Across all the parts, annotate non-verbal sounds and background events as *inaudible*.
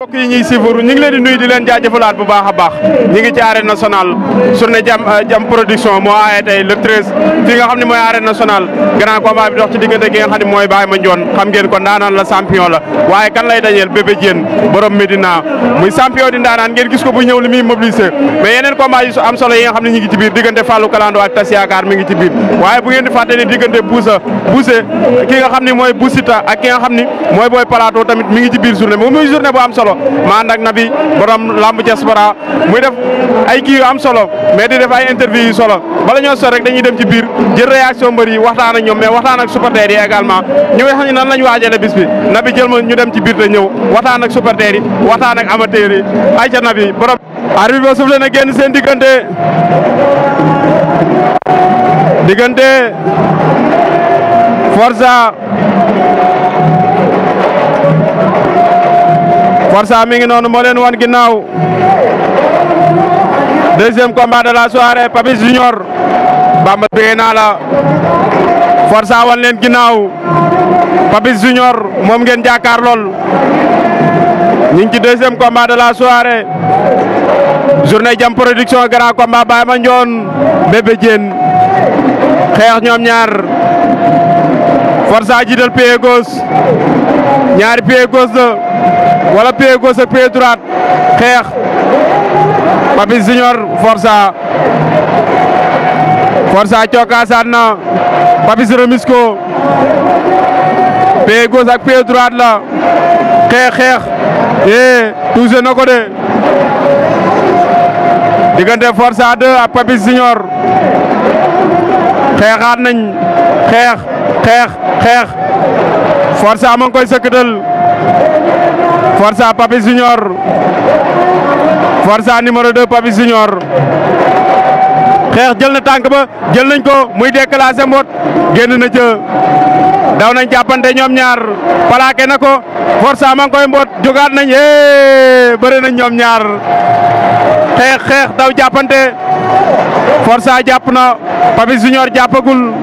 mbokk yi ñuy leen di nuyu bu baax baax ñu ci arène nationale journée jam euh, jam production moo aaye tey le nga xam ne mooy arène nationale grand combat bi dox ci diggante gi nga xam ne mooy Baye Mandione xam ngeen ko ndaanaan la champion la waaye kan lay dajeel bébé Diène borom muy champion di ndaanaan ngeen gis ko bu ñëw li muy mobilisé mais yeneen combat am solo yi nga xam ne ñu ngi ci biir diggante Fallou Kalando ak Tass solo ma ànd ak Nabi borom lamb diaspora muy def ay kii am solo mais di def ay interview yu solo bala ñoo sori rek dañuy dem ci biir jël réaction mbër yi waxtaan ak ñoom mais waxtaan ak supporters yi également ñu wax ñu nan lañ waajale bis bi Nabi jël ma ñu dem ci biir te ñëw waxtaan ak supporters yi waxtaan ak amateurs yi ay ca Nabi borom arbitre bi soufflé na génn seen diggante diggante Forza Forza mi ngi noonu moo leen wan ginnaaw deuxième combat de la soirée Papis Junior Bamba bi naa la Forza wan leen ginnaaw Papis Junior moom ngeen jàkkaar lool ñu ngi ci de la soirée journée jam production grand combat Baye Mandione Bébé Diène xeex ñoom ñaar Forza jiital pied gauche ñaari pied gauche la wala pied gauche ak pied droite xeex Papis Junior Forza Forza cokkaasaat na Papis remis ko pied ak pied droite la xeex xeex eh touché na ko de diggante Forza 2 ak Papis Junior xeexaat nañ xeex. xeex xeex Forza ma ngi koy sëkkatal Forza Papis Junior Forza numéro 2 Papis Junior xeex jël na tànk ba jël nañ ko muy déclassé mbot génn na ca daw nañ jàppante ñoom ñaar plaqué na ko Forza ma ngi koy mbot jógaat nañ hee eh, bëri nañ ñoom ñaar xeex xeex daw jàppante Forza jàpp na Papis Junior jàppagul.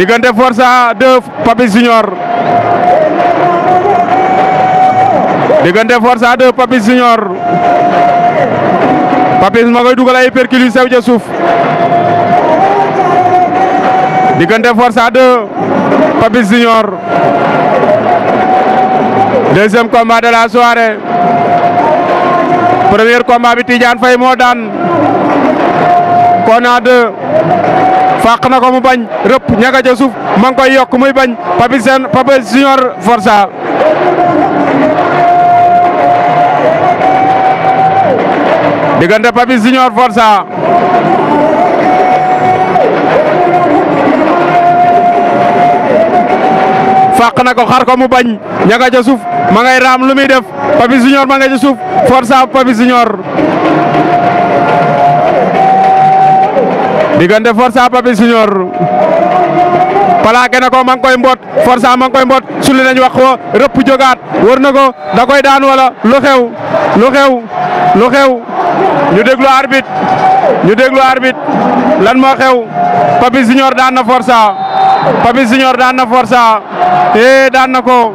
diggante Forza 2 Papis Junior diggante Forza 2 Papis Junior Papis ma koy dugal ay percule yu suuf diggante Forza 2 Papis Junior deuxième combat de la soirée premier combat bi Tidiane Faye moo daan Kona 2 fàq na ko mu bañ rëpp ñaga ca suuf ma yokk muy bañ Papis Sène Papis Junior Forza diggante Papis Junior Forza fàq na ko xar ko mu bañ ñaga ca suuf ma ngay raam lu muy def Papis Junior ma nga ca suuf Forza Papis Junior diggante Forza Papy Junior plaqué ko ma ngi koy mbot Forza ma koy mbot sulli nañ wax ko rëpp jógaat wër na ko da koy daan wala lu xew lu xew lu xew ñu déglu arbitre ñu déglu arbitre lan xew Papy Junior daan na Forza Papy Junior daan na Forza eh daan na ko.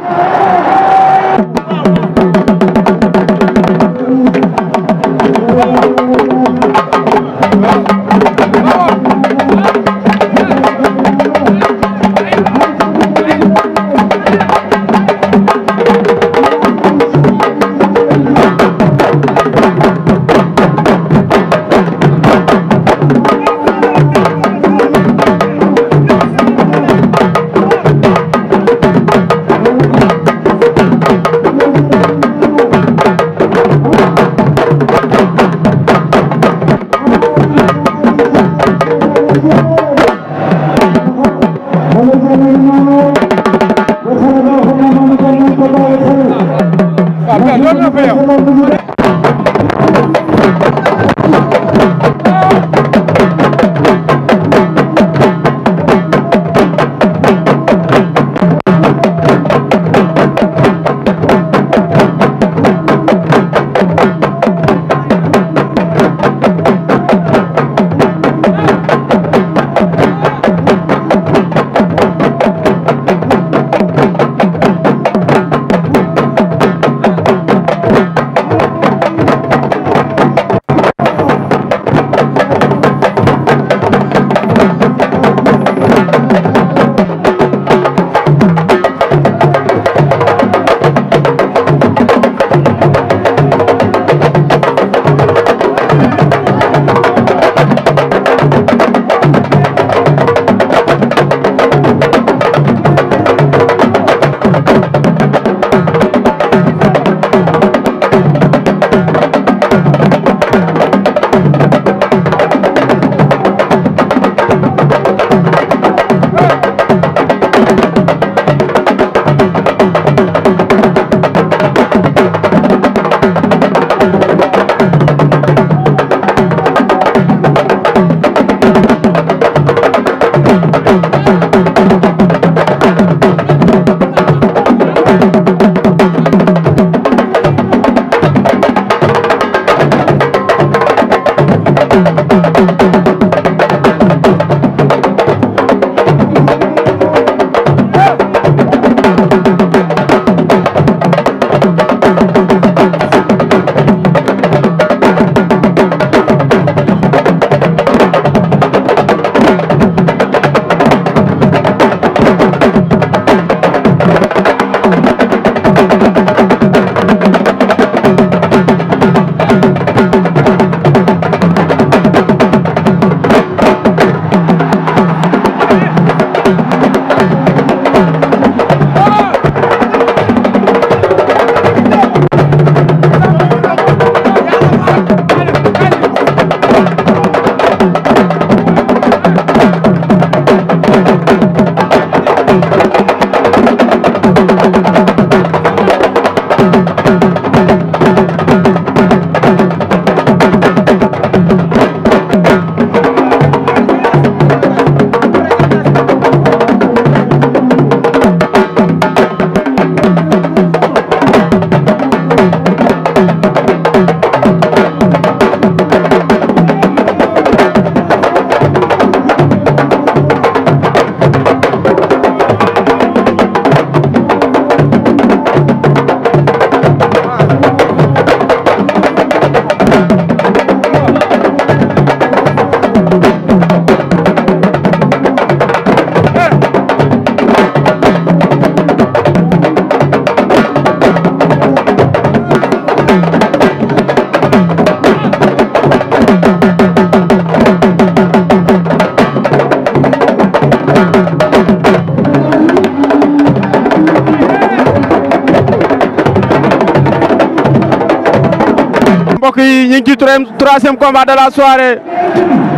ci troisième combat de la soirée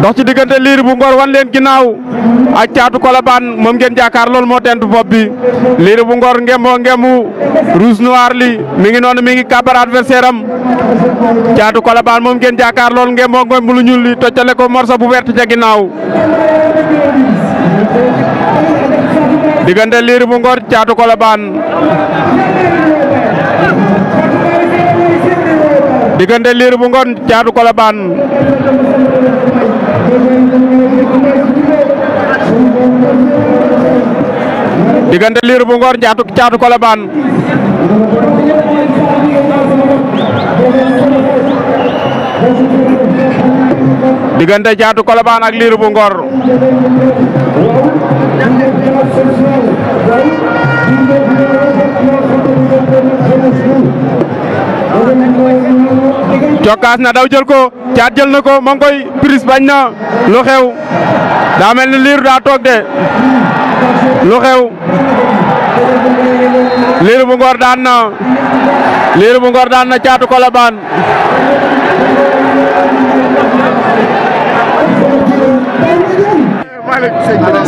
dox ci diggante liir bu ngor wan leen ginnaaw a caatu kolobaan moom ngeen jàkkaar lool moo tentu bopp bi liir bu ngoor ngemo ngemu noir li mi ngi noonu mi ngi kàbbar adversaire am caatu kolobaan moom ngeen jàkkaar lool ngemo ngemu lu ñuul li toccale ko morso bu wert ca ginnaaw diggante liir bu ngoor caatu kolobaan diggante liir bu ngoon caatu kolobaan diggante liir bu ngor caatu caatu kolobaan diggante caatu kolobaan ak liir bu ngor cokkaas na daw jël ko caat jël na ko ma ngi koy prise bañ na lu xew daa mel ni liiru daa toog de lu xew liiru bu ngor daan na ngor daan na caatu kolobaan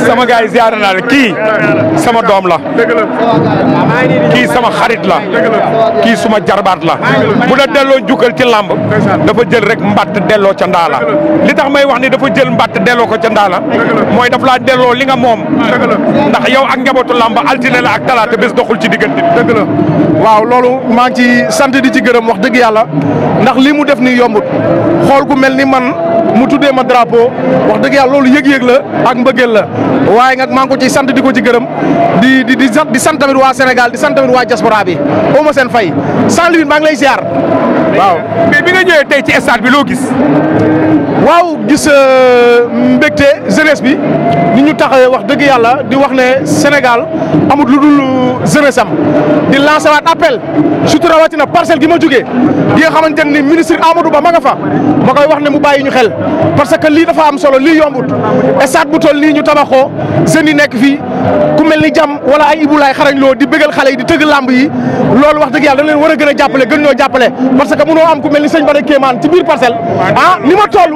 sama gars yi ziar naa la kii sama doom la kii sama xarit la kii suma jarbaat la bu la delloo njukkal ci làmb dafa jël rek mbatt delloo ca ndaa la li tax may wax ni dafa jël mbatt delloo ko ca ndaa la mooy daf laa delloo li nga moom ndax yow ak njabootu làmb altine la ak talaata bés doxul ci diggante dëgg la waaw loolu maa ci sant di ci gërëm wax dëgg yàlla ndax lii mu def nii yombut xool ku mel ni man mu tuddee ma drapeau wax dëgg yàlla loolu yëg-yëg la ak mbëggeel la waaye nag maa ngi ko ciy sant di ko ci gërëm di di di sant tamit waa Sénégal di sant tamit waa diaspora bi aw ma seen fay Saint-Louis maa ngi lay ziar waaw mais bi nga ñëwee tey ci stade bi loo gis. waaw gis euh, mbégte jeunesse bi ni ñu taxawee wax dëgg yàlla di wax ne Sénégal amut lu dul jeunesse am di lancé waat appel surtout rawatina parcelle gi ma jógee gi nga xamante ni ministre Amadou Ba ma nga fa ma koy wax ne mu bàyyi ñu xel parce que lii dafa am solo lii yombut stade bu toll nii ñu tabaxoo jeunes yi nekk fii ku mel ni jàmm wala ay Ibou Laye xarañ loo di bëggal xale yi di tëgg làmb yi loolu wax dëgg yàlla dañ war gën a jàppale gën ñoo jàppale que mënoo am ku mel ni ba Bada Kéemaan ci biir parcelle ah ni ma toll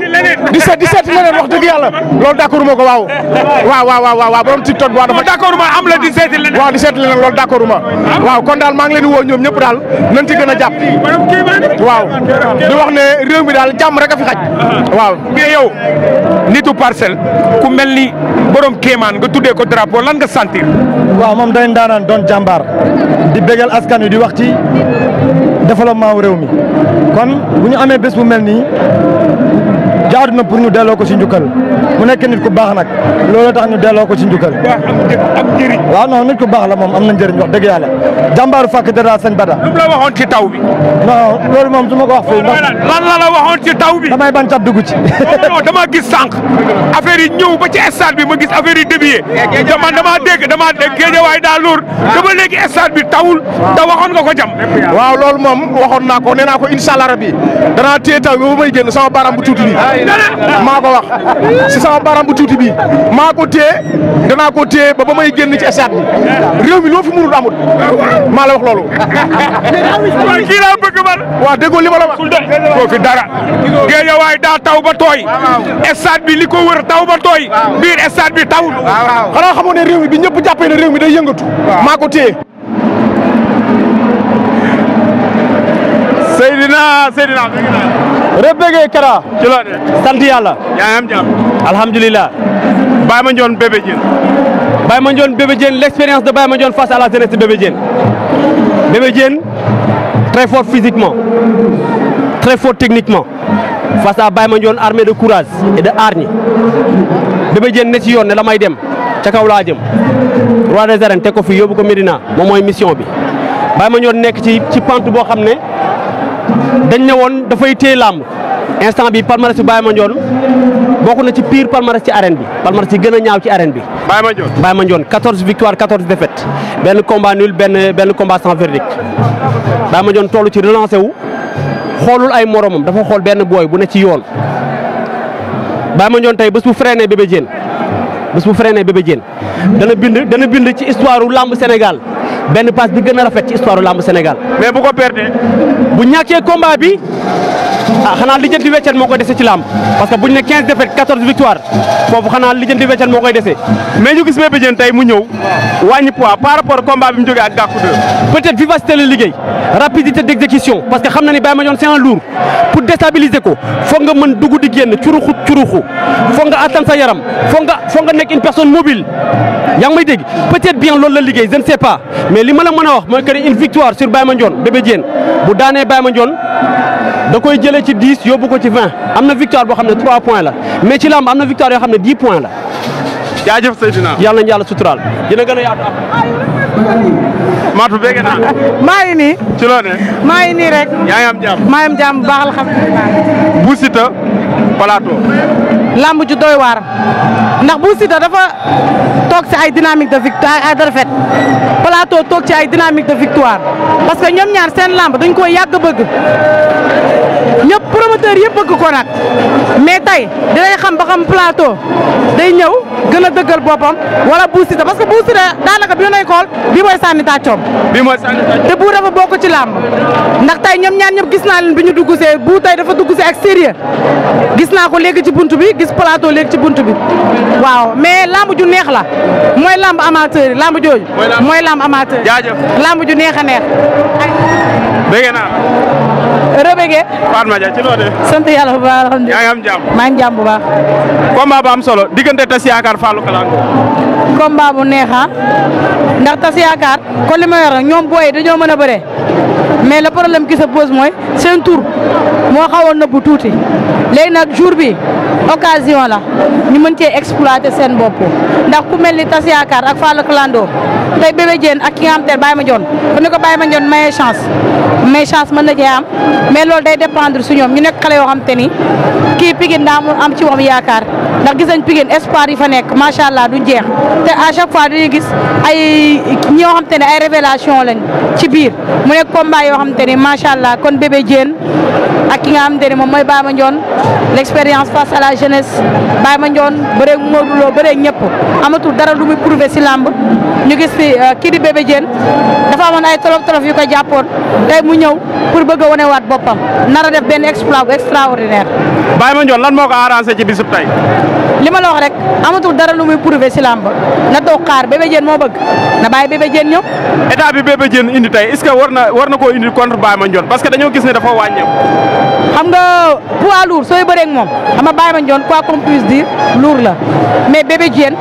di seet di seet leneen wax dëgg yàlla loolu d'accord ma ko waaw waaw waaw waaw waaw borom TikTok waaw dafa d'accord ma am la di seet leneen waaw di seet leneen loolu d'accord ma ah. waaw kon daal maa ngi leen di woo ñoom ñëpp daal nañ ci gën a jàpp waaw di wax ne réew mi daal jàmm rek a fi xaj ah. waaw mais yow nitu parcelle ku mel ni borom Kéemaan nga tuddee ko drapeau lan nga sentir waaw moom day ndaanaan doon jàmbaar di bégal askan wi di wax ci développement réew mi kon bu ñu amee bés bu mel nii jaadu na pour ñu delloo ko si njukkal mu nekk nit ku baax nag loolu tax ñu delloo ko si njukkal. waaw am njëriñ. waaw non nit baax la moom am na njëriñ wax dëgg yàlla jàmbaaru fàkk dara sañ bada. lu mu la waxoon ci taw bi. non loolu moom su ma ko wax fii ndax. lan la la waxoon ci taw bi. damay bañ cat dugg ci. non dama gis sànq affaire yi ñëw ba ci stade bi ma gis affaire yi dévié. dama dama dégg dama dégg géejewaay daa lóor. waaw ah. dama léegi stade bi tawul. da ah. waxoon nga ko jam. waaw loolu moom waxoon naa ko nee naa ko incha allah rabi danaa téye taw bi ba may génn sama baaraam bu tuuti maa wax si sama baram bu tuuti bii maa ko téye danaa ko téye ba ba may génn ci stade bi réew mi loo fi mënul amut maa la wax loolu. kii laa bëgg fi dara. Géejawaay daa taw ba tooy. stade bi li ko wër taw ba tooy. biir stade bi tawul. xanaa xamoon ne réew mi bi ñëpp jàppee ne réew mi day yëngatu. maako ko téye. rëbbëgee Kara. ci loo de. sant yàlla. yaa ngi am jàmm. alhamdulilah. Baye Mandione Bébé Diène. Baye Mandione Bébé Diène l' expérience face à la jeunesse de Bébé très fort physiquement très fort techniquement face à Baye Mandione armé de courage et de hargne Bébé Diène ne ci yoon ne la may dem ca kaw laa jëm roi des arènes teg ko fi Médina moom mission bi Baye Mandione nekk ci ci boo xam ne. dañ ne woon dafay téye làmb instant bi palmarès bi Baye Mandione bokk na ci pire palmarès ci arène bi palmarès ci gën a ñaaw ci arène bi. Baye Mandione Baye Mandione 14 victoire 14 défaites benn combat nul benn benn combat sans verdict Baye Mandione toll ci relancé wu xoolul ay moromam dafa xool benn booy bu ne ci yoon. Baye Mandione tey bés bu freiné Bébé Diène bés bu freiné Bébé Diène dana bind dana bind ci histoire làmb Sénégal. benn passe bi gën a rafet ci histoire lamb Sénégal. mais bu perdee. bu ñàkkee combat bi ah xanaa lijjanti weccet moo koy dese ci lamb parce que bu ñu ne 15 défaites foofu xanaa lijjanti weccet moo koy dese mais ñu gis Bébé Diène tey mu ñëw wàññi poids par rapport combat bi mu jógee ak Gackou 2 peut vivacité la liggéey rapidité d'exécution parce que xam na ni Baye Mandione c'est un lourd pour déstabiliser ko foog nga mën dugg génn curuxu curuxu foog nga attan sa yaram foog nga nekk une personne mobile yaa may dégg peut a wax mooy que une victoire sur jëlee ci ko ci 20 am na victoire boo xam ne 3 points la mais ci làmb am na victoire yoo xam ne 10 la. jaajëf Seydina. yàlla nañu a yaatu am. Matou bëgg naa. maa ngi nii. maa ngi nii rek. yaa am jàmm. maa ngi am jàmm bu baax alhamdulilah. Bou Siteu lamb ju doy waar ndax Bou Siteu dafa toog ci ay dynamique de victoire ay toog ci ay dynamique de victoire parce que ñoom ñaar seen lamb dañ koy yàgg bëgg. mbër yëpp bëgg ko nag mais tey dinañ xam ba xam plateau day ñëw gën a dëggal boppam wala Bou Siteu parce que Bou Siteu daanaka bi nay xool bi mooy sànni tàccoom bi mooy sànni tàccoom te Bou dafa bokk ci làmb ndax tey ñoom ñaan ñëpp gis naa leen bi ñu dugg see Bou tey dafa dugg see ak sérieux gis naa ko léegi ci bunt bi gis plateau léegi ci bunt bi waaw mais làmb ju neex la mooy làmb amateur yi làmb jooju mooy làmb amateur jaajëf làmb ju neex a neex Rebege. Fatma Dia ci loo de. sant yàlla bu baax alhamdulilah yaa ngi am jàmm. maa ngi jàmm bu baax. combat am solo diggante Tass Yakar Fallou Kalango. combat bu neex ah ndax Tass Yakar kon li ma yor ñoom booy dañoo mën a bëre. mais le problème qui se pose mooy seen tur moo xawoon na bu tuuti léegi nag jour bi occasion la ñu mën cee exploiter seen bopp ndax ku mel ni tas yaakaar ak Fallou Clando tey bébé Diène ak ki nga xam te Baye Mandione bu ñu ko Baye Mandione mayee chance mais chance mën na cee am mais loolu day dépendre su ñoom ñu nekk xale yoo xam te ni kii Pikine daa am ci moom yaakaar ndax gis nañ Pikine espoir yi fa nekk macha allah du jeex te à chaque fois dañuy gis ay ñoo xam ne ay révélation lañ ci biir yoo xamante ni macha allah kon bébé Diène ak ki nga xamante ni moom mooy Baye Mandione l' expérience la jeunesse Baye Mandione bëreeg Modou Lo bëreeg ñëpp amatul dara lu muy prouvé si làmb ñu gis fi euh, kii bébé Diène dafa amoon ay tolof tolof yu ko jàppoon tey mu ñëw pour bëgg a wanewaat boppam nar a def benn exploit bu extraordinaire. Baye Mandione lan moo ko arrangé ci bisub li ma wax rek amatul dara lu muy prouver si làmb na toog xaar Bébé Diène moo bëgg na bàyyi Bébé Diène ñëw. état bi Bébé Diène indi tey est war na war na koo indi contre Baye parce que dañoo gis ne dafa wàññeeku. xam nga poids lourd sooy bëree moom xam nga Baye joon quoi qu'on puisse dire lourd la mais Bébé Diène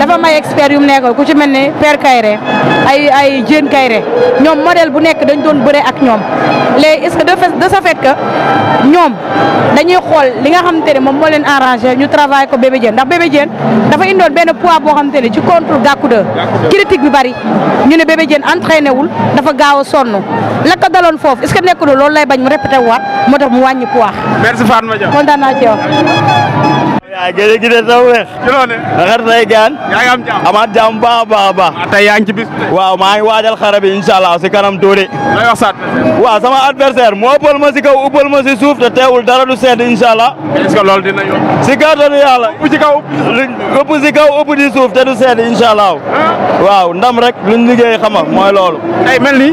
dafa may expert yu mu nekkal ku ci mel ne Père Kayre ay ay Diène Kayre ñoom modèle bu nekk dañ doon bëree ak ñoom léegi est-ce que de fait de ce fait que ñoom dañuy xool li nga xamante ne moom moo leen arrangé ñu travail ko Bébé Diène ndax Bébé Diène dafa indoon benn poids boo xamante ne ci contre gàkku 2 critique bi bari ñu ne Bébé Diène entraîné wul dafa gaaw a sonn la ko daloon foofu est-ce que nekkul loolu lay bañ mu répété waat moo tax mu wàññi poids. merci Fatma Diagne kontaan waaw gëj a gis ne sama weex. jëloon ne. xar say gaan. yaa ngi am jàmm amaat jàmm baax a baax a baax. waaw ah, tey yaa maa waajal xare bi si kanam tuuti. lay sa adversaire. waaw sama adversaire moo ëppal ma si kaw ëppal ma si suuf te teewul dara du sedd incha allah. est-ce que loolu dina yomb. si kàttanu yàlla. ëpp si kaw ëpp si kaw ëpp di suuf te du sedd incha ah. waaw ndam rek luñ liggéey xam mooy loolu. tey mel ni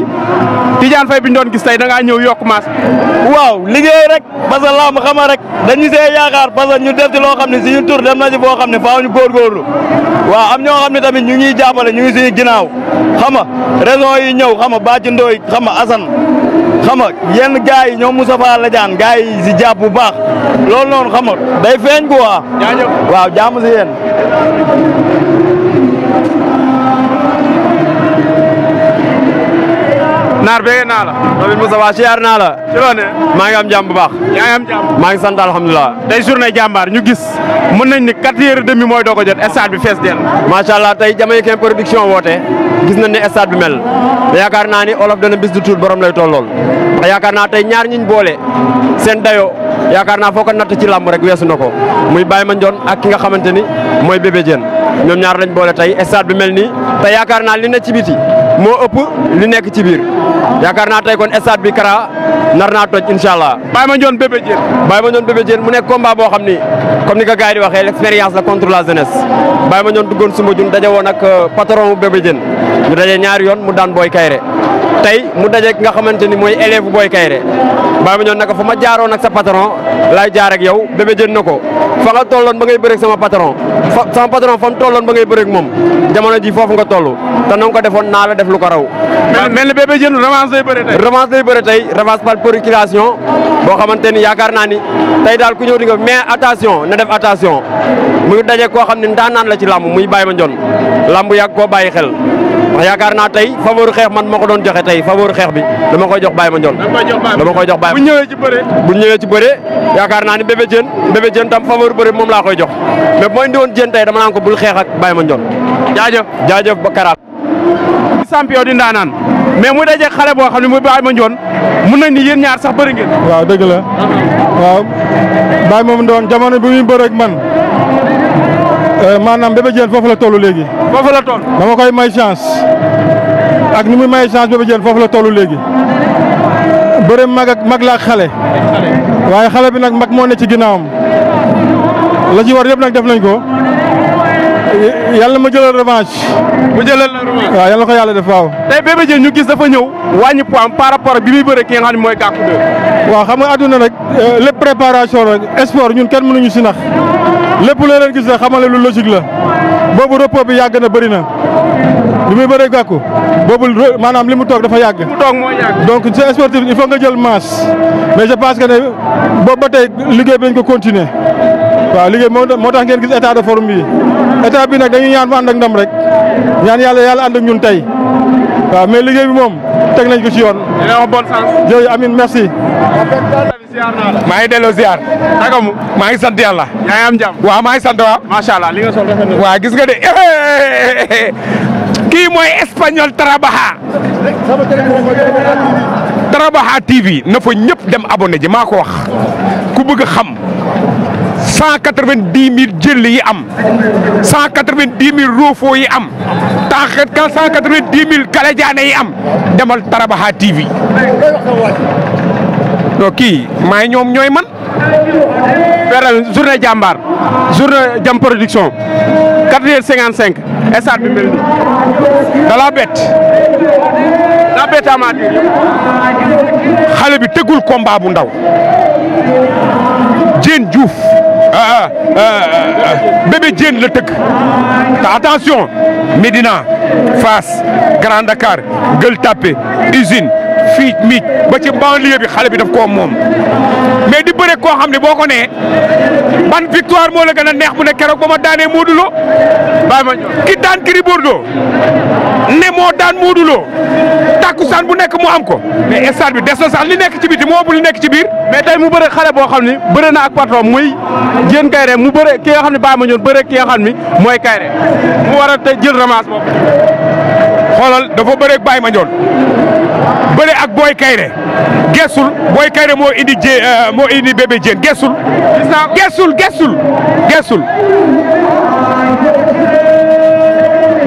Tidiane Faye doon gis tey da ngaa ñëw yokk waaw liggéey rek parce que lamb rek dañu see yaakaar parce ñu def loo xam xam ne suñu tur dem na ci boo xam ne faaw ñu góorgóorlu waaw am ñoo xam ne tamit ñu ngi jàppale ñu ngi suñu ginnaaw xam nga raison yi ñëw xam nga Bathie Ndoye xam nga Assane xam yenn gars yi ñoom Moussa Fall la jaan gars si jàpp bu baax lool noonu xam nga day feeñ quoi. waaw jàmm si yéen. naar bëgg naa la. Nabil Moussa waa siyaar naa la. ci maa ngi am jàmm bu baax. yaa ngi maa ngi sant alhamdulilah. tey journée jàmbaar ñu gis mën nañ ni quatre heures demi mooy doo ko jot stade bi fees dell. macha allah tey Jamaïcain production woote gis nañ ne stade bi mel yaakaar naa ni olof dana bis du tuut borom lay tollool yaakaar naa tey ñaar ñiñ boole seen dayo yaakaar naa foo ko natt ci làmb rek weesu na ko muy Baye Mandione ak ki nga xamante ni mooy Bébé Diène ñoom ñaar lañ boole tey stade bi mel nii yaakaar naa li ne ci biti moo ëpp li nekk ci biir yaakaar naa tey kon stade bi Kara nar naa toj incha allah. bàyyi ma ñoon bébé Diène. bàyyi ma ñoon bébé mu nekk combat boo xam ni comme ni ko gars yi di waxee l' expérience la contre la jeunesse bàyyi ma ñoon duggoon sumba jun daje woon ak euh, patron bu bébé ñu daje ñaari yoon mu daan booy kayre tey mu daje nga xamante ni mooy élève booy kayre Baye Mandione ne ko fa ma jaaroon ak sa pataron laay jaar ak yow Bébé Diène na ko fa nga tolloon ba ngay bëreeg sama patron fa sama patron fa mu tolloon ba ngay bëreeg moom jamono ji foofu nga toll te na ko defoon naa la def lu ko raw. mel ni Bébé Diène revanche lay bëre tey. lay bëre tey revanche par procuration boo xamante ni yaakaar naa ni tey daal ku ñëw di nga mais attention na def attention muy daje koo xam ne ndaanaan la ci làmb muy Baye Mandione làmb yàgg koo bàyyi xel. ndax yaakaar naa tey favori xeex man moo ko doon joxe tey favori xeex bi dama koy jox Baye Mandione dama koy jox Baye bu ñëwee ci bëre bu ñëwee ci bëre yaakaar naa ni bébé jën bébé jën tam favori bëre moom laa koy jox mais bu ma indi woon jën tey dama naan ko bul xeex ak Baye Mandione jaajëf jaajëf ba karaat champion di ndaanaan mais muy daje xale boo xam ne muy Baye Mandione mun nañ ni yéen ñaar sax bëri ngeen waaw dëgg la uh-huh. waaw Baye moom doon jamono bi muy bëre man Euh, maanaam Bébé Diène foofu la tollu léegi. foofu la toll dama koy may chance ak ni muy may chance Bébé foofu la toll léegi bëre mag ak mag la xale. waaye xale bi nag mag moo nekk ci ginnaaw la ci war yëpp nag def nañ ko. yàlla ma jëlal revanche. mu jëlal la revanche waaw yàlla ko yàlla def waaw. tey Bébé Diène ñu gis dafa ñëw wàññi point par rapport bi muy bëre ki nga xam mooy Gackou 2. xam nga àdduna rek euh, lépp préparation rek sport ñun kenn mënuñu si nax lépp loo leen gis rek xamal lu logique la boobu repos bi yàgg na bëri na bi muy bëree Gackou boobu maanaam li mu toog dafa yàgg. mu toog donc c'est sportif il faut nga jël masse mais je pense que ne boobu ba tey liggéey bi dañ ko continuer. waaw liggéey moo tax ngeen gis état de bi état bi nag dañuy ñaan mu ànd ak ndam rek ñaan yàlla yàlla ànd ak ñun tey waaw mais liggéey bi moom teg nañ ko ci yoon. dina am merci. maa ngi delloo ziar. maa ngi sant yàlla. yaa ngi maa ngi sant allah li nga sol rafet gis nga de *laughs* kii mooy espagnol trabaja. trabaja TV na fa ñëpp dem abonné maa ko wax ku bëgg xam. cent quatre vingt dix mille jëll yi am cent quatre vingt dix mille roofoo yi am taxet kan cent quatre vingt dix mille galajaane yi am demal Tarabaha TV non kii maay ñoom ñooy man feral journée jàmbaar journée jam production quatre heures cinquante cinq stade bi mel ni da laa bett daa bi tegul combat bu ndaw Diène Diouf Ah, ah, ah, bébé Diène la tëgg te attention Médina Fass Grand Dakar Gueule Tapée Usine fii miic ba ci banlieue bi xale bi daf koo moom mais di bëre koo xam ne boo ko nee ban victoire moo la gën neex bu ne keroog ba ma daanee Modou Lo bàyyi ma ki daan Gris Bordeaux ne moo daan Modou Lo tàkkusaan bu nekk mu am ko mais stade bi des na sax li nekk ci biti moo bu li nekk ci biir mais tey mu bëre xale boo xam ne bëre na ak patron muy Diène Kaïré mu bëre ki nga xam ne bàyyi ma ñoon bëre ki nga xam ne mooy Kaïré mu war a tey jël xoolal dafa bëre ak Baye Mandione bëre ak booy Kayre gesul booy Kayre moo indi jé euh, moo indi bébé jéen gesul gesul gesul gesul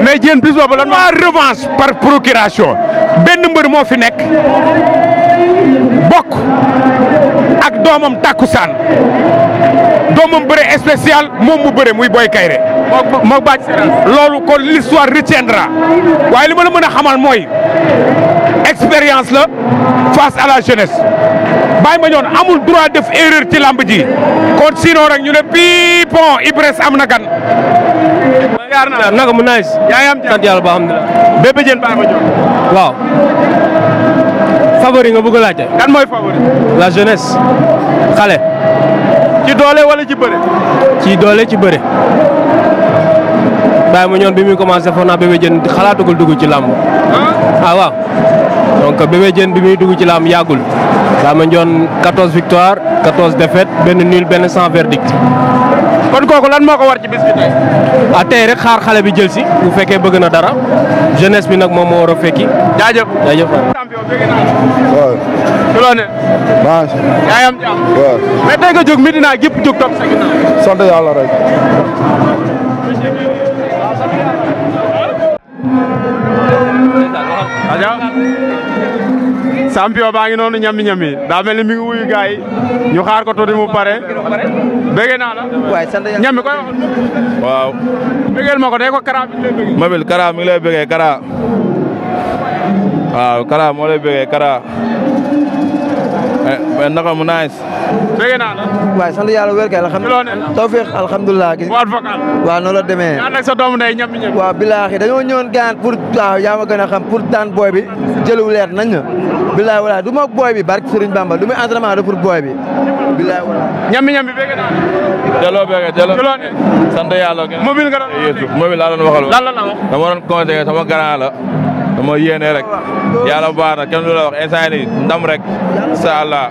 mais jéen bis boobu lan par procuration benn mbër moo fi nekk bokk ak doomam takkusaan doomam bëre spécial moom mu bëre muy Boy Kayre moo baaj loolu kon l'histoire retiendra waaye li ma la mën a xamal mooy expérience la face à la jeunesse bàyyi ma ñoon amul droit def erreur ci lamb ji kon sinon rek ñu ne bii bon Ibres am na gan. yaakaar naa naka mu nice. yaa ngi am sant ma ñoon waaw. favori nga bëgg a laajte. kan mooy la jeunesse xale. ci doole wala ci bëre. ci doole ci bëre. bàyyi ma ñoon bi muy commencé foog naa bébé jën xalaatugul dugg ci làmb. ah, ah donc bébé jën bi muy dugg ci làmb yàggul. bàyyi ma ñoon 14 victoire de défaite benn nul benn sans verdict. kon kooku lan moo ko war ci bis bi ah, tey. rek xaar xale bi jël si bu fekkee bëgg na dara jeunesse bi nag moom moo war a fekki. jaajëf waaw. su loo ne. maa ngi si. yaa ngi am jàmm. waaw. mais tey nga jóg Medina gépp jóg topp sa ginnaaw. sant yàlla rek. aja champion baa ngi noonu ñami ñami daa mel ni mi ngi wuyu gaay ñu xaar ko tuuti mu pare bëgg naa la waay sant yàlla ñami koy wax waaw bëggeel ma ko day ko kara bi lay bëgg mabel kara mi ngi lay bëggee kara waa Kara moo lay Kara. Eh, mais naka mu nice. bëgg naa la. waaw sant yàlla wér kay alhamdulilah tawfiq alhamdulilah. bu advocat. waaw noonu la demee. yaa nag sa doomu ndey ñëpp ñëpp. waaw bilaahi gaan pour waaw yaa ma gën a xam pour daan booy bi jëlu leer nañ la. bilaahi wala du ma booy bi barke Serigne Bamba du ma entraînement de pour booy bi. bilaahi wala. ñam ñam bi bëgg naa la. jëloo bëgg jëloo. jëloo ne. sant dama yéene rek yàlla baax na kenn la wax instant yii ndam rek incha allah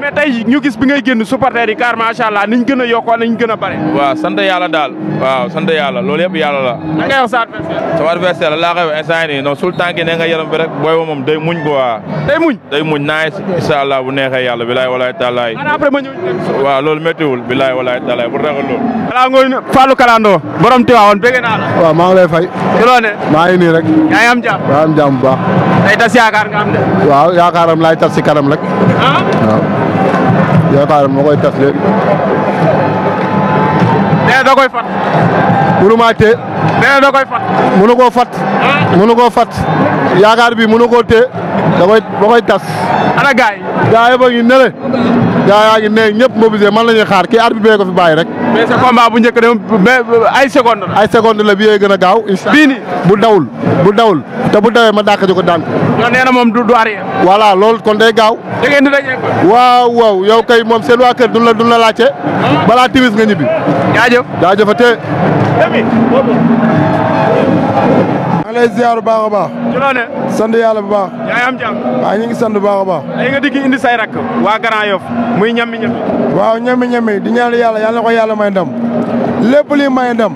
mais tey ñu gis bi ngay génn supporters yi car macha allah ni gën a yokkoo niñ gën a bare. waaw sant yàlla daal waaw sant yàlla loolu yëpp yàlla la. lan ngay wax sa adversaire. sama adversaire laa ne nga yaram bi rek booy ba moom day muñ bu waa. day muñ day muñ allah bu neexee yàlla bilaay walaay taalaay. xanaa après ma ñëw waaw loolu bilaay walaay taalaay bu ragal loolu. balaa nga Fallou borom Tivaouane bëgg naa la. waaw maa ngi lay fay. ci loo ne. maa ngi rek. yaa ngi am jàmm. yaa ngi am jàmm bu baax. tey tas yaakaar nga am waaw yaakaaram laay si kanam rek. Ah? waaw yaakaaram ma koy tas léegi. nee da koy fat. mënu maa téye. nee da koy fat. mënu koo fat. koo fat yaakaar bi mënu koo téye da koy ma koy tas. gaay ba ñu ne gaa yaa ngi ne ñëpp mobilisé man la ñuy xaar kii arbitre bee ko fi bàyyi rek. mais sa combat bu njëkk de ay seconde la. ay seconde la bi yooyu gën a gaaw. incha bii nii bu dawul bu dawul te bu dawee ma dàq ko daan ko. yow nee na moom du du voilà loolu kon day gaaw. da ngeen di daje waaw waaw yow kay moom seen waa kër du la duñ la laajte. Ah. balaa timis nga ñibbi. jaajëf jaajëfate. ngi lay ziar bu baax a baax. ci loonee. sant yàlla bu baax. yaa ngi am jàmm. waaw ñu ngi sant bu baax a baax. léegi nga dikk indi say rakk. waa Grand Yoff muy ñammi ñammi. waaw ñammi ñammi di ñaan yàlla yàlla na ko yàlla may dam lépp li may ndam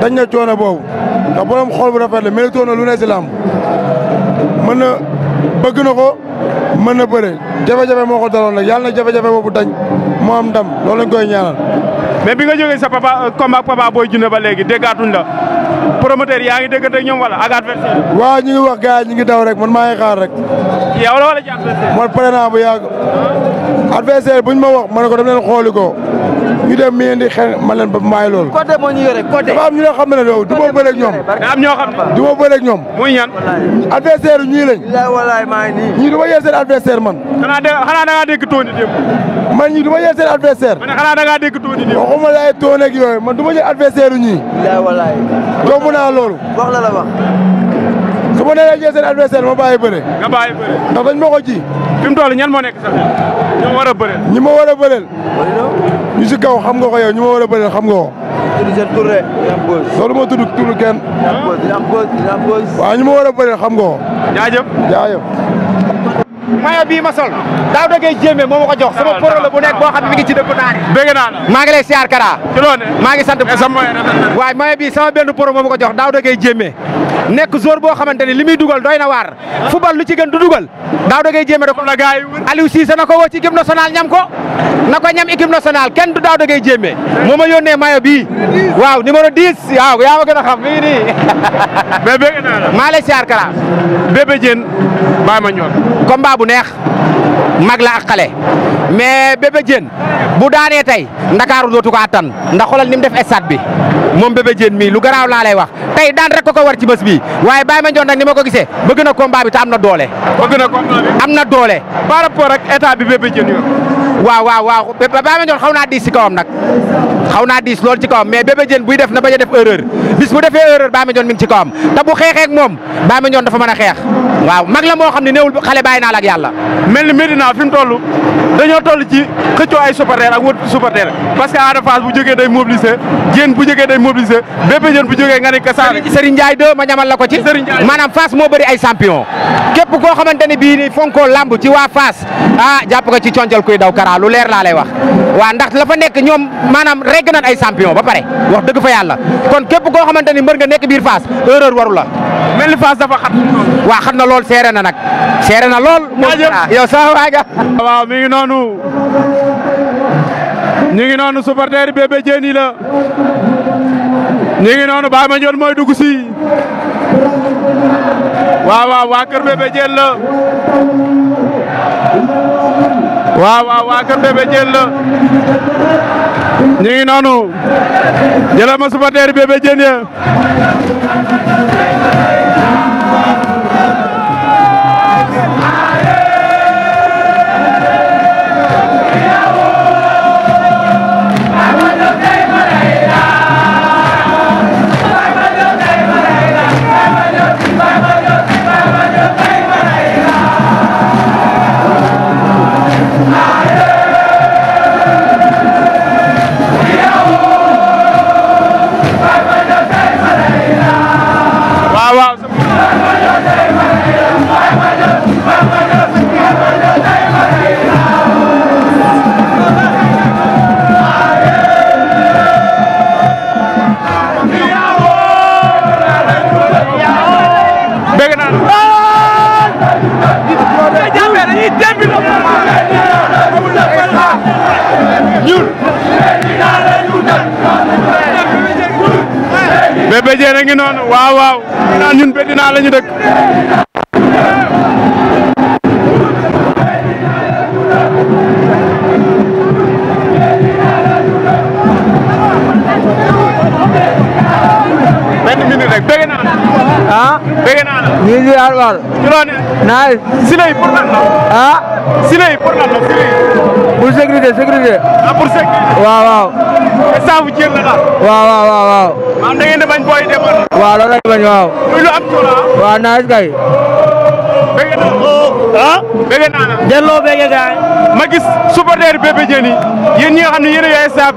dañ na coono boobu ndax borom xol bu rafet la mérite na lu ne si làmb mën na bëgg na ko mën na bëre jafe-jafe moo ko daloon nag yàlla na jafe-jafe boobu dañ moo am ndam loolu lañ koy ñaanal. mais bi nga jógee sa papa euh, combat papa booy junne ba léegi déggaatuñ la promoteur yaa ngi déggante ak ñoom wala ak adversaire. waaw ñu ngi wax gars ñu ngi daw rek man maa ngi xaar rek. yow la wala ci adversaire. man pare naa adversaire buñ ma wax ma ne ko dama leen xooli ko ñu dem mi indi xel ma leen ba maay loolu. côté moo ñu yore côté. dafa am ñu ne xam ne loolu du ma bëreeg ñoom. am ñoo xam ne du ma bëreeg ñoom. muy ñan. adversaire ñii lañ. walaay maa ngi nii. ma yee seen adversaire man. xanaa man ma yee seen adversaire. man xanaa man du ma jël adversaire ñii. walaay. loolu. ma nee laajee seen adversaire ma bàyyi bëre. nga dañ ma ko ji. fi mu toll ñan moo nekk sax ñi ma war a bëreel. si kaw xam nga ko yow ñu ma war xam nga ko. loolu moo tudd turu kenn. waaw ñu ma war a xam nga ko. jaajëf maillot bii ma sol daaw da ngay jéeme ko jox sama poro la bu nekk boo xam mi ngi ci dëkku naari bëgg naa la maa ngi lay siyaar Kara ci loone maa ngi bii sama benn poro moo ma ko jox daaw da ngay jéeme nekk jour boo xamante ni li muy dugal doy na waar football lu ci gën du dugal daaw da ngay jéeme da ko la na ko woo ci équipe nationale ñam ko na ko ñam équipe nationale kenn du daaw da ngay jéeme moo ma yónnee maillot bii waaw numéro 10 waaw yaa ma gën a xam mi ngi nii *laughs* mais bëgg naa la maa lay bu neex mag la ak xale mais Bébé Diène bu daanee tey ndakaaru dootu ko attan ndax xoolal ni mu def stade bi moom Bébé Diène mii lu garaaw laa lay wax tey daan rek ko ko war ci bés bi waaye Baye Mandione nag ni ma ko gisee bëgg na combat bi te am na doole. bëgg na am na doole. par rapport ak état bi Bébé Diène waaw waaw waaw Baye Mandione xaw naa diis ci kawam nag xaw naa diis lool ci kawam mais Bébé Diène buy def na bañ a def erreur bis bu defee erreur Baye Mandione mi ci kawam te bu xeexee moom Baye Mandione dafa mën a xeex waaw mag la moo xam ne néewul xale bàyyi naa la ak yàlla. mel ni Medina fi mu toll dañoo toll ci xëccoo ay supporter ak wut supporter parce Ada Fass bu jógee day mobiliser Diène bu jógee day mobiliser Bébé Diène bu jógee nga ne que saa. Serigne ko ci. Serigne Ndiaye maanaam Fass moo bëri ay koo xamante ne bii nii fonkoo lamb ci waa Fass ah jàpp ko ci concal franc lu leer laa lay wax waa ndax la fa nekk ñoom maanaam regg nañ ay champion ba pare wax dëgg fa yàlla kon képp koo xamante ni mbër nga nekk biir Fass erreur waru mel ni dafa xat waa xat na lool seere na nag na lool yow sa waay ga waaw mi noonu ñu ngi noonu supporter bébé jéeni la ñu noonu Baye Mandione mooy dugg si waaw waaw waa kër bébé jéen la waaw waaw waa kër bébé jël la ñu noonu jëlal ma suba teer bébé jën Medina la ñu dëkk. benn minute rek bëgg naa la. ah bëgg naa la. ñu ngi ziar waal. ñu doon ne. naaj. sile yi pour lan la. ah. sile yi pour lan la sile yi. pour sécurité sécurité. ah pour sécurité. waaw waaw. te saabu jéem la daal. waaw waaw waaw waaw. maanaam da ngeen di bañ booy yi demoon. waaw loolu la ñu bañ waaw. am solo waaw naaj kay. ah bëgg naa la delloo bëgg gaay ma gis supporter Bébé Diène yi yéen ñi nga xam ne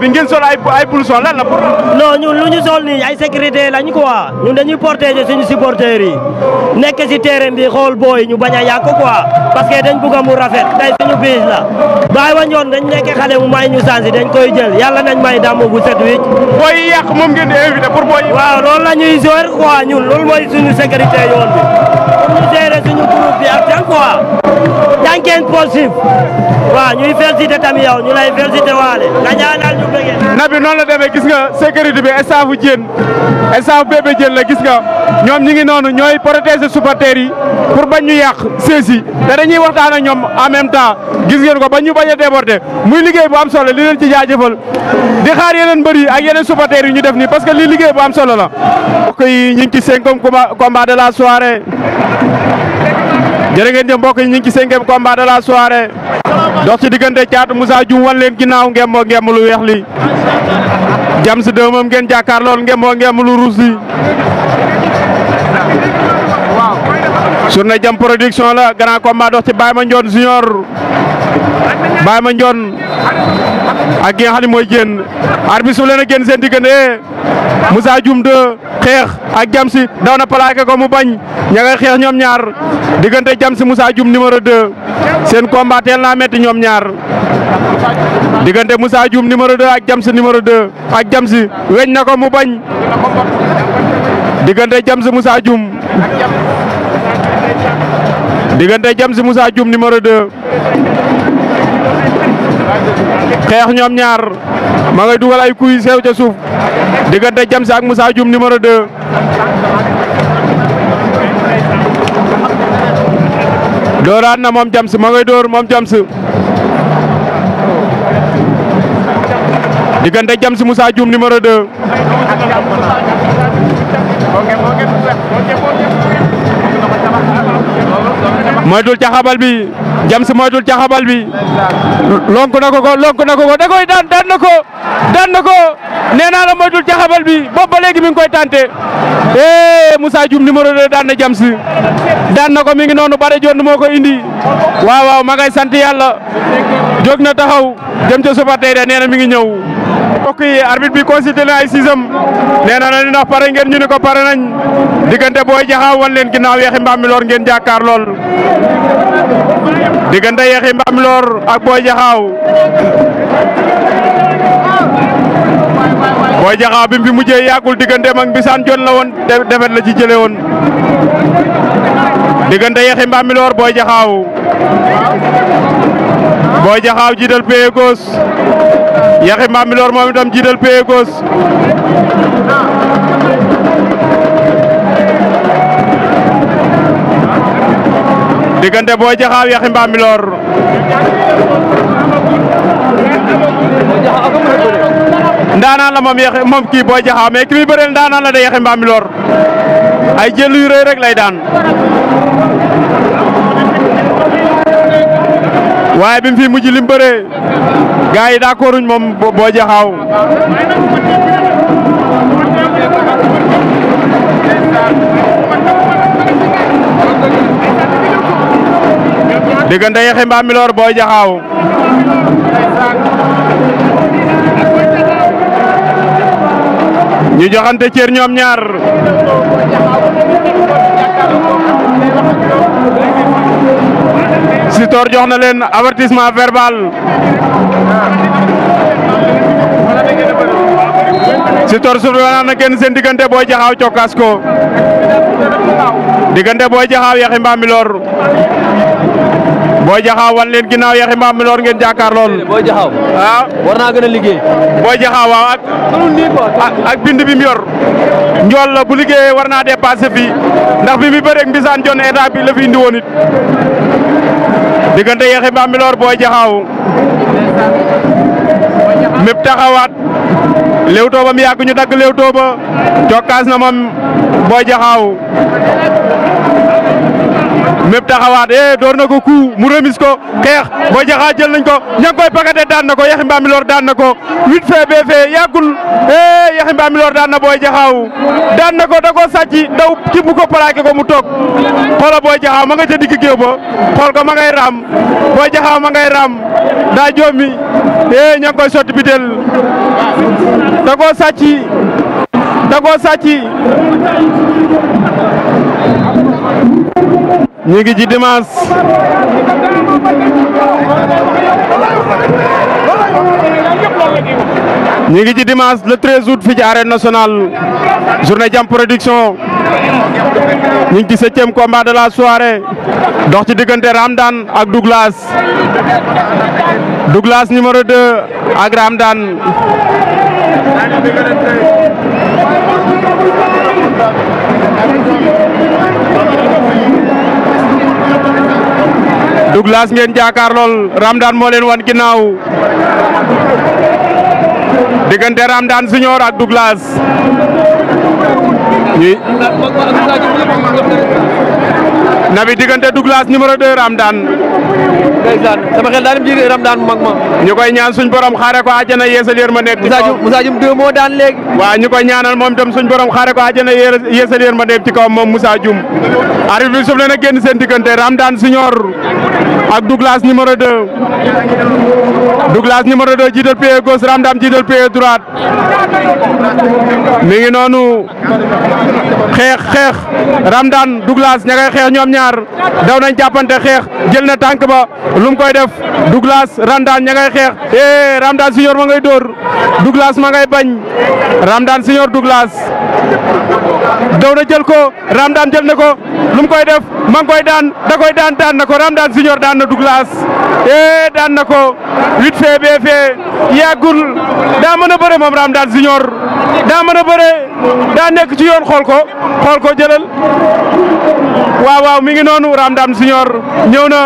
yéen ay sol ay ay blouson lan la pour non ñun ñu sol nii ay sécurité lañ quoi ñun dañuy protéger suñu supporter yi si terrain bi xool booy ñu bañ a yàq quoi parce que dañ bëgg mu rafet tey suñu biis la bàyyi wa ñoon dañ nekk xale mu may ñu sansi dañ koy jël yàlla nañ may damu bu set booy yi moom ngeen di invité pour booy waaw loolu la ñuy jouer quoi ñun loolu mooy suñu sécurité yoon pour ñu gérer suñu groupe bi ñu lay félicité waale nga ñu bëggee. na bi noonu la demee gis nga sécurité bi staffu Diène staffu bébé Diène la gis nga ñoom ñi ngi noonu ñooy protéger supporters yi pour bañ ñu yàq séesi te dañuy waxtaan ak ñoom en même temps gis ngeen ñu bañ a déborder muy liggéey bu am solo li leen ci jaajëfal di xaar yeneen mbër yi ak yeneen ñu def nii parce que li liggéey bu am solo la. mbokk ñu ngi ci cinquième combat la soirée. jërë ngeen jëf mbokk yi ñu ci cinquième combat de la soirée dox ci diggante Thiatou Moussa Dioum wan leen ginnaaw ngem boo lu weex li Diams 2 moom ngeen jàkkaar lool ngem boo ngem lu ruus journée jam production la grand combat dox ci Baye Mandione junior Baye Mandione ak ki nga xam ne mooy génn arbitre su leen génn seen diggante Moussa Dioum de xeex ak Jamsi daw na plaqué ko mu bañ ña xeex ñoom ñaar diggante si musa Dioum numéro 2 seen combat teel naa metti ñoom ñaar diggante Moussa Dioum numéro 2 ak Jamsi numéro 2 ak Jamsi weñ na ko mu bañ diggante Jamsi Moussa Dioum diggante James Moussa Dioum numéro 2 xeex ñoom ñaar ma dugal ay kuy sew ca suuf diggante James ak Moussa Dioum numéro 2 dooraat na moom James ma ngay door moom James diggante James Moussa Dioum numéro 2 moytul ca xabal bi James moytul xabal bi lonk na ko ko lonk na ko ko da koy daan na ko daan na ko nee naa la moytul xabal bi boobu ba léegi mi ngi koy tante eh Moussa Dioum numéro 2 daan na James daan na ko mi ngi noonu bare jond moo ko indi waaw waaw ma sant yàlla jóg na taxaw jëm ca supporter nee na mi ngi ñëw. mbokk yi arbitre bi consulté na ay sisam nee na na ndax pare ngeen ñu ni ko pare nañ diggante booy jaxaaw wan leen ginnaaw yeexi mbaam mi loor ngeen jàkkaar diggante Yaxi Mbamlor ak Boy Jaxaaw Boy Jaxaaw bi mu fi mujjee yàggul digganteem ak Mbisaan Jon la woon defet la ci woon diggante Yaxi Mbamlor Boy Jaxaaw Boy Jaxaaw jiital pied gauche Yaxi Mbamlor moom itam jiital pied diggante boo Jaxaaw Yaxi Mbambilor ndaanaan la moom Yaxi moom kii boo Jaxaaw mais ki muy bëreel ndaanaan la de Yaxi Mbambilor ay jël yu rëy rek lay daan waaye bi mu fi mujj lim bëree gars yi d'accorduñ moom Boy Jaxaaw diggante Yaxi Mbambilor Boy Jaxaaw ñu joxante cër ñoom ñaar Sitor jox na leen avertissement verbal Sitor suufle wanaa na kenn seen diggante Boy Jaxaaw cokkaas ko diggante Boy Jaxaaw Yaxi Mbambilor Boy Jaxaaw wan leen ginnaaw Yaxi Mbaam mi loor ngeen jàkkaar lool. Boy Jaxaaw ah. war naa gën a liggéey. Boy Jaxaaw waaw ak. bind bi yor. njool la bu liggéeyee war naa dépassé fii ndax i mu bëreeg mbisaan jon état bi la fi indi woon it diggante Yaxi Mbaam mi loor taxawaat léewtoo ba mu yàgg ñu dagg léewtoo ba na moom Boy Jaxaaw mépp taxawaat eh door na ko coup mu remis ko xeex Boy Jaxaar jël nañ ko ña ngi koy pakate daan na ko Yaxin Bambilor daan na ko 8 fee bee fee yàggul eh Yaxin Bambilor daan na Boy Jaxaaw daan na ko da koo sàcc daw ci ko plaqué ko mu toog xoola Boy Jaxaaw ma nga ca digg géew ba xool ko ma ngay raam Boy Jaxaaw ma ngay raam daa joomi eh ña ngi koy sotti bitel da ko sàcc da koo sàcc ñu ci dimanche ñu ci dimanche le 13 août fii ci arène nationale journée Jam Production ñu ci septième combat de la soirée dox ci diggante Ramdan ak Douglas Douglas numéro 2 ak Ramdan Douglas ngeen jaakaar lool Ramdan moo leen wan ginnaaw diggante Ramdan Junior ak Douglas Naby diggante Douglas numéro 2 Ramdan. ndeysaan sama xel daal di ji Ramdan mag ma. ñu koy ñaan suñ borom xaare ko àjjana yeesal yërmande. ma kaw Moussa Dioum deux moo daan léegi. waaw ñu koy ñaanal moom itam suñ borom xaare ko àjjana yeesal yërmande ci kaw moom Moussa jum arbitre bi suuf leen a génn seen diggante Ramdan Senior ak Douglas numéro 2. Douglas numéro 2 jiital pied gauche Ramdam jiital pied droite mi noonu xeex xeex Ramdan Douglas ña xeex ñoom ñaar daw nañ jàppante xeex jël na tànk ba lu koy def Douglas Ramdan ña ngay xeex eh Ramdan senior ma ngay door Douglas ma ngay bañ Ramdan senior Douglas daw na jël ko Ramdan jël na ko lu koy def ma ngi koy daan da koy daan na ko Ramdan senior daan na Douglas eh daan na ko. lutte fee bee fee yàggul daa mën a bëre moom Ramdaan Junior daa mën a bëre daa nekk ci yoon xool ko xool ko jëlal waaw mi ngi noonu Ramdaan Junior ñëw na.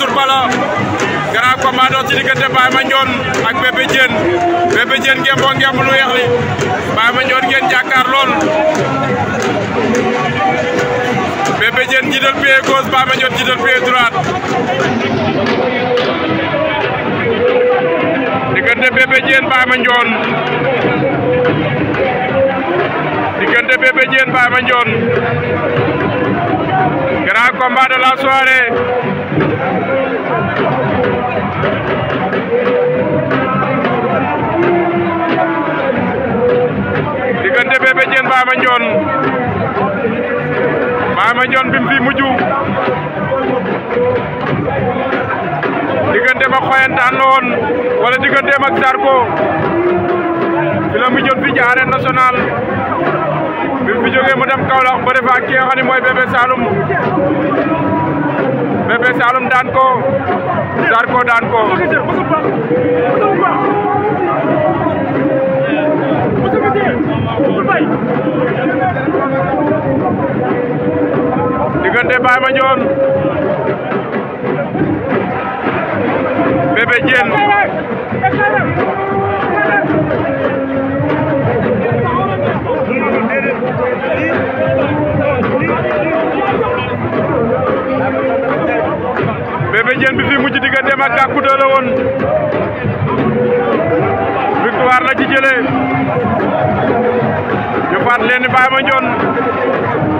Surba la grand combat dox lool Bébé Diène jiital pied gauche Baye Mandione jiital pied droite diggante Bébé Diène Baye Mandione diggante Bébé Diène Baye Baama Ndione Baama Ndione bi mu fi mujj diggante ba xoyantaan la woon wala digganteem ak Zarko fi la mujjoon fi ci arène nationale mu fi jógee mu dem Kaolack ba def ak ki nga xam mooy Bébé Saloum Bébé Saloum daan ko Zarko daan ko. Mbaye diggante Baye Mandione Bébé Diène Bébé bi fi mujj diggante ma Kakou Deux la woon victoire la ci jëlee ñu faat leen ni Baye Mandione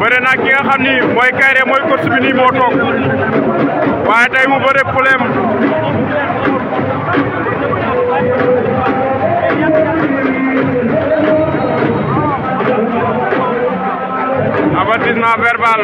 bëre na ki nga xam ni mooy Kairé mooy course bi nii moo toog waaye tey mu bëre problème avertissement verbal